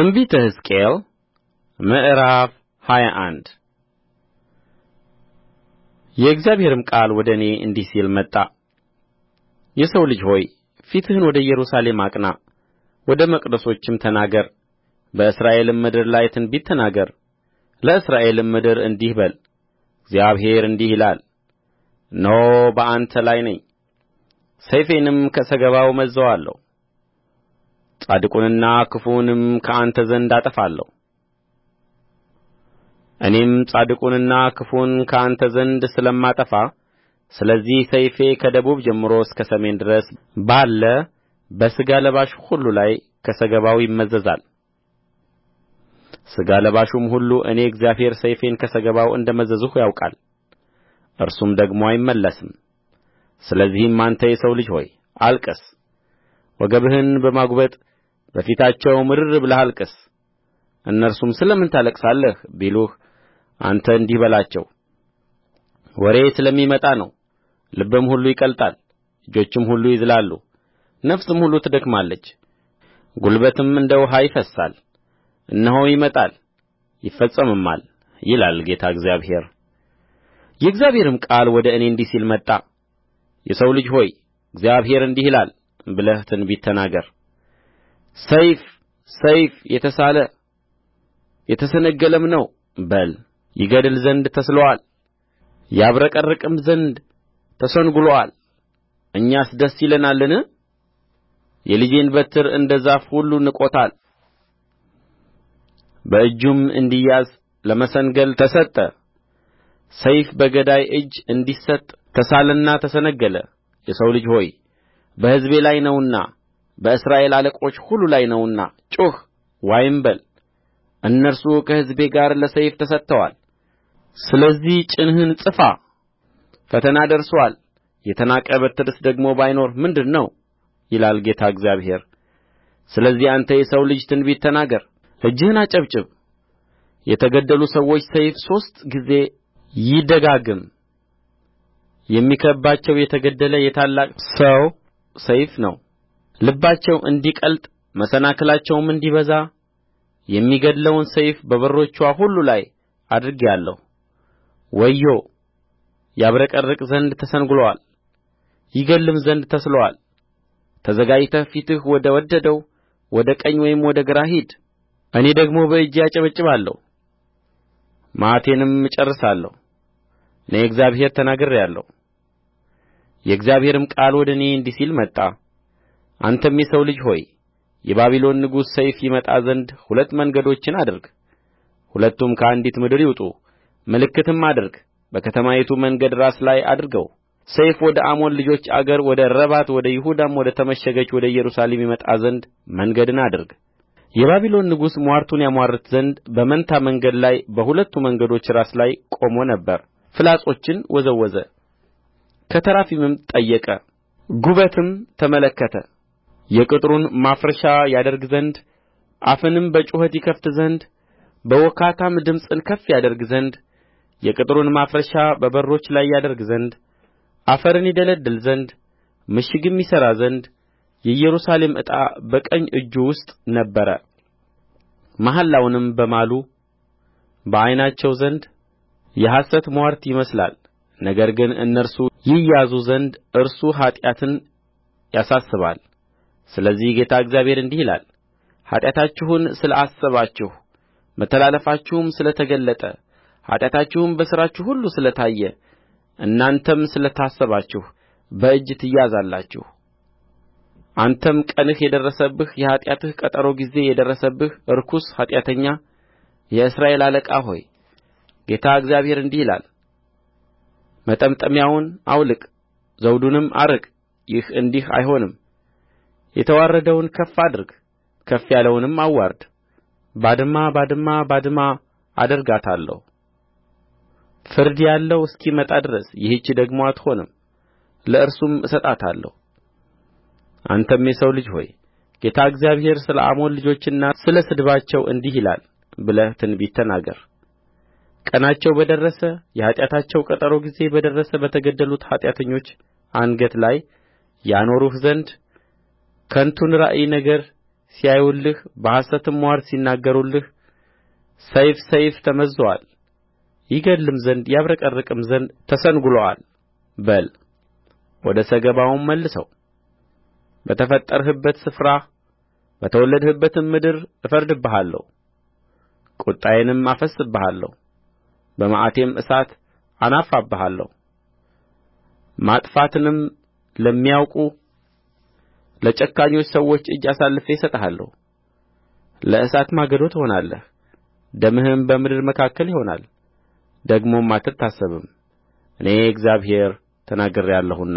ትንቢተ ሕዝቅኤል ምዕራፍ ሃያ አንድ የእግዚአብሔርም ቃል ወደ እኔ እንዲህ ሲል መጣ የሰው ልጅ ሆይ ፊትህን ወደ ኢየሩሳሌም አቅና ወደ መቅደሶችም ተናገር በእስራኤልም ምድር ላይ ትንቢት ተናገር ለእስራኤልም ምድር እንዲህ በል እግዚአብሔር እንዲህ ይላል እነሆ በአንተ ላይ ነኝ ሰይፌንም ከሰገባው እመዝዘዋለሁ። ጻድቁንና ክፉውንም ከአንተ ዘንድ አጠፋለሁ እኔም ጻድቁንና ክፉውን ከአንተ ዘንድ ስለማጠፋ ስለዚህ ሰይፌ ከደቡብ ጀምሮ እስከ ሰሜን ድረስ ባለ በሥጋ ለባሽ ሁሉ ላይ ከሰገባው ይመዘዛል ሥጋ ለባሹም ሁሉ እኔ እግዚአብሔር ሰይፌን ከሰገባው እንደ መዘዝሁ ያውቃል እርሱም ደግሞ አይመለስም ስለዚህም አንተ የሰው ልጅ ሆይ አልቅስ ወገብህን በማጕበጥ በፊታቸው ምርር ብለህ አልቅስ እነርሱም ስለ ምን ታለቅሳለህ ቢሉህ አንተ እንዲህ በላቸው ወሬ ስለሚመጣ ነው ልብም ሁሉ ይቀልጣል እጆችም ሁሉ ይዝላሉ ነፍስም ሁሉ ትደክማለች ጕልበትም እንደ ውኃ ይፈሳል። እነሆ ይመጣል ይፈጸምማል ይላል ጌታ እግዚአብሔር የእግዚአብሔርም ቃል ወደ እኔ እንዲህ ሲል መጣ የሰው ልጅ ሆይ እግዚአብሔር እንዲህ ይላል ብለህ ትንቢት ተናገር ሰይፍ ሰይፍ የተሳለ የተሰነገለም ነው በል ይገድል ዘንድ ተስሎአል ያብረቀርቅም ዘንድ ተሰንግሎአል እኛስ ደስ ይለናልን የልጄን በትር እንደ ዛፍ ሁሉ ንቆታል በእጁም እንዲያዝ ለመሰንገል ተሰጠ ሰይፍ በገዳይ እጅ እንዲሰጥ ተሳለና ተሰነገለ የሰው ልጅ ሆይ በሕዝቤ ላይ ነውና በእስራኤል አለቆች ሁሉ ላይ ነውና ጩኽ ዋይም በል እነርሱ ከሕዝቤ ጋር ለሰይፍ ተሰጥተዋል ስለዚህ ጭንህን ጽፋ ፈተና ደርሶአል የተናቀ በትርስ ደግሞ ባይኖር ምንድር ነው ይላል ጌታ እግዚአብሔር ስለዚህ አንተ የሰው ልጅ ትንቢት ተናገር እጅህን አጨብጭብ የተገደሉ ሰዎች ሰይፍ ሦስት ጊዜ ይደጋግም የሚከብባቸው የተገደለ የታላቅ ሰው ሰይፍ ነው ልባቸው እንዲቀልጥ መሰናክላቸውም እንዲበዛ የሚገድለውን ሰይፍ በበሮችዋ ሁሉ ላይ አድርጌአለሁ ወዮ ያብረቀርቅ ዘንድ ተሰንግሎአል ይገድልም ዘንድ ተስሎአል ተዘጋጅተህ ፊትህ ወደ ወደደው ወደ ቀኝ ወይም ወደ ግራ ሂድ እኔ ደግሞ በእጄ አጨበጭባለሁ መዓቴንም እጨርሳለሁ እኔ እግዚአብሔር ተናግሬአለሁ የእግዚአብሔርም ቃል ወደ እኔ እንዲህ ሲል መጣ አንተም የሰው ልጅ ሆይ የባቢሎን ንጉሥ ሰይፍ ይመጣ ዘንድ ሁለት መንገዶችን አድርግ ሁለቱም ከአንዲት ምድር ይውጡ ምልክትም አድርግ በከተማይቱ መንገድ ራስ ላይ አድርገው ሰይፍ ወደ አሞን ልጆች አገር ወደ ረባት ወደ ይሁዳም ወደ ተመሸገች ወደ ኢየሩሳሌም ይመጣ ዘንድ መንገድን አድርግ የባቢሎን ንጉሥ ምዋርቱን ያምዋርት ዘንድ በመንታ መንገድ ላይ በሁለቱ መንገዶች ራስ ላይ ቆሞ ነበር ፍላጾችን ወዘወዘ ከተራፊምም ጠየቀ ጉበትም ተመለከተ የቅጥሩን ማፍረሻ ያደርግ ዘንድ አፍንም በጩኸት ይከፍት ዘንድ በውካታም ድምፅን ከፍ ያደርግ ዘንድ የቅጥሩን ማፍረሻ በበሮች ላይ ያደርግ ዘንድ አፈርን ይደለድል ዘንድ ምሽግም ይሠራ ዘንድ የኢየሩሳሌም ዕጣ በቀኝ እጁ ውስጥ ነበረ መሐላውንም በማሉ በዓይናቸው ዘንድ የሐሰት ምዋርት ይመስላል ነገር ግን እነርሱ ይያዙ ዘንድ እርሱ ኃጢአትን ያሳስባል ስለዚህ ጌታ እግዚአብሔር እንዲህ ይላል ኃጢአታችሁን ስለ አሰባችሁ መተላለፋችሁም ስለ ተገለጠ ኃጢአታችሁም በሥራችሁ ሁሉ ስለ ታየ እናንተም ስለ ታሰባችሁ በእጅ ትያዛላችሁ አንተም ቀንህ የደረሰብህ የኃጢአትህ ቀጠሮ ጊዜ የደረሰብህ ርኩስ ኃጢአተኛ የእስራኤል አለቃ ሆይ ጌታ እግዚአብሔር እንዲህ ይላል መጠምጠሚያውን አውልቅ ዘውዱንም አርቅ ይህ እንዲህ አይሆንም የተዋረደውን ከፍ አድርግ ከፍ ያለውንም አዋርድ ባድማ ባድማ ባድማ አደርጋታለሁ ፍርድ ያለው እስኪመጣ ድረስ ይህች ደግሞ አትሆንም ለእርሱም እሰጣታለሁ አንተም የሰው ልጅ ሆይ ጌታ እግዚአብሔር ስለ አሞን ልጆችና ስለ ስድባቸው እንዲህ ይላል ብለህ ትንቢት ተናገር ቀናቸው በደረሰ የኃጢአታቸው ቀጠሮ ጊዜ በደረሰ በተገደሉት ኃጢአተኞች አንገት ላይ ያኖሩህ ዘንድ ከንቱን ራእይ ነገር ሲያዩልህ በሐሰትም ምዋርት ሲናገሩልህ ሰይፍ ሰይፍ ተመዝዞአል ይገድልም ዘንድ ያብረቀርቅም ዘንድ ተሰንግሎአል በል ወደ ሰገባውም መልሰው በተፈጠርህበት ስፍራ በተወለድህባትም ምድር እፈርድብሃለሁ ቍጣዬንም አፈስስብሃለሁ በመዓቴም እሳት አናፋብሃለሁ ማጥፋትንም ለሚያውቁ ለጨካኞች ሰዎች እጅ አሳልፌ እሰጥሃለሁ ለእሳት ማገዶ ትሆናለህ ደምህም በምድር መካከል ይሆናል ደግሞም አትታሰብም እኔ እግዚአብሔር ተናግሬአለሁና